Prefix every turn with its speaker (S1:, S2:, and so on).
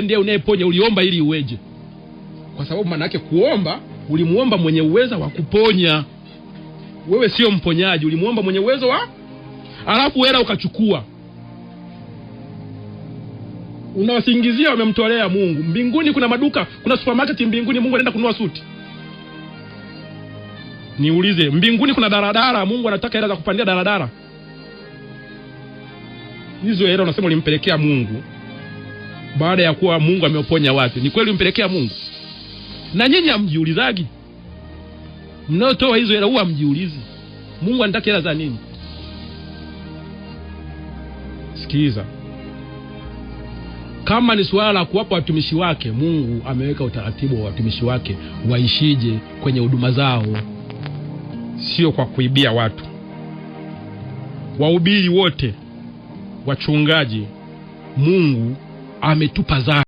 S1: wewe ndiye unayeponya, uliomba ili uweje? Kwa sababu maana yake kuomba, ulimuomba mwenye uwezo wa kuponya. Wewe sio mponyaji, ulimuomba mwenye uwezo wa, alafu hela ukachukua, unawasingizia wamemtolea Mungu. Mbinguni kuna maduka, kuna supermarket mbinguni, Mungu anaenda kununua suti. Niulize, mbinguni kuna daradara, Mungu anataka hela za kupandia daradara hizo hela unasema ulimpelekea Mungu, baada ya kuwa Mungu ameoponya watu, ni kweli umpelekea Mungu? Na nyinyi hamjiulizagi mnaotoa hizo hela, huwa mjiulizi Mungu anataka hela za nini?
S2: Sikiza, kama ni suala la kuwapa watumishi wake, Mungu ameweka utaratibu wa watumishi wake waishije kwenye huduma zao, sio kwa kuibia watu. Wahubiri wote, wachungaji, Mungu ametupa zaka.